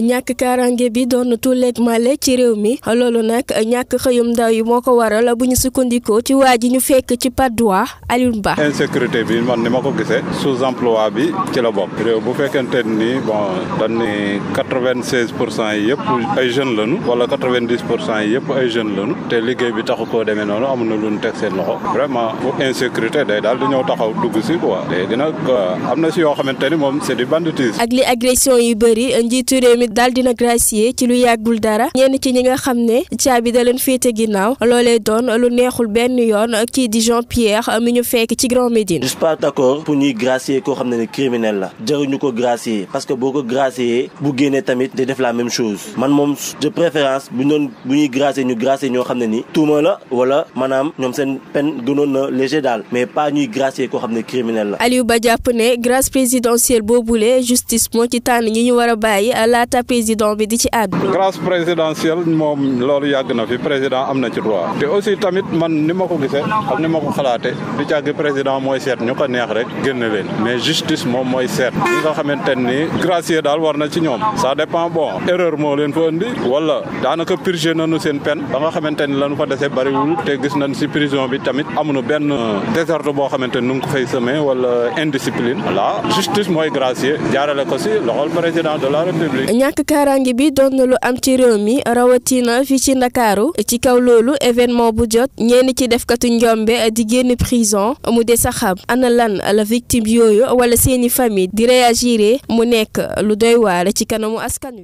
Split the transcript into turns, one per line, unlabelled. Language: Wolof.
ñàkk kaaraange bi doon tulleeg male ci réew mi loolu nag ñàkk xëyum ndaw yi moo ko waral bu ñu sukkandikoo ci waa ji ñu fekk ci Patte d'Oie Alioune Ba.
insécurité bi man ni ma ko gisee sous-emploi bi ci la bokk réew bu fekkente ni bon dañ ni quatre-vingt-seize pour cent yëpp ay jeunes lañu wala quatre-vingt-dix pour cent yëpp ay jeunes lañu te liggéey bi taxu koo demee noonu am na lu ñu teg seen loxo vraiment bu insécurité day daal di ñëw taxaw dugg si quoi léegi nag euh, am na si yoo xamante ni moom c'est du banditisme.
ak li tamit daal dina gracier ci lu yàggul dara ñenn ci ñi nga xam ne caabi da leen féete ginnaaw loolee doon lu neexul benn yoon kii di Jean Pierre mi ñu fekk ci Grand Médine.
je suis pas d'accord pour ñuy gracier koo xam ne ne criminel la jaruñu ko gracier parce que boo ko gracier bu génnee tamit di def la même chose man moom de préférence bu doon bu ñuy gracier ñu gracier ñoo xam ne ni tuuma la wala maanaam ñoom seen peine gënoon na léger daal mais pas ñuy gracier koo xam ne criminel la. Aliou
Ba jàpp ne grâce présidentielle boobule justice moo ci tànn ñi ñu war a bàyyi laata laata président bi di ci àddu. grâce
présidentielle moom loolu yàgg na fi président am na ci droit. te aussi tamit man ni ma ko gisee ak ni ma ko xalaatee di càgg président mooy seet ñu ko neex rek génne leen mais justice moom mooy seet ñi nga xamante ni gracier daal war na ci ñoom ça dépend bon erreur moo leen fa indi wala daanaka purgé nañu seen peine ba nga xamante ni lañu fa dese bariwul te gis nañ si prison bi tamit amuñu benn désordre boo xamante ni nu ngi ko fay semé wala indiscipline voilà justice mooy gracier jaarale ko si loxol président de
ñàkk kaaraange bi doon na lu am ci réew mi rawatina fii ci ndakaaru ci kaw loolu événement bu jot ñeen ci defkatu njombe di génn prison mu des a xam ana lan la victime yooyu wala seeni famille di réagir mu nekk lu doy waale ci kanamu askan wi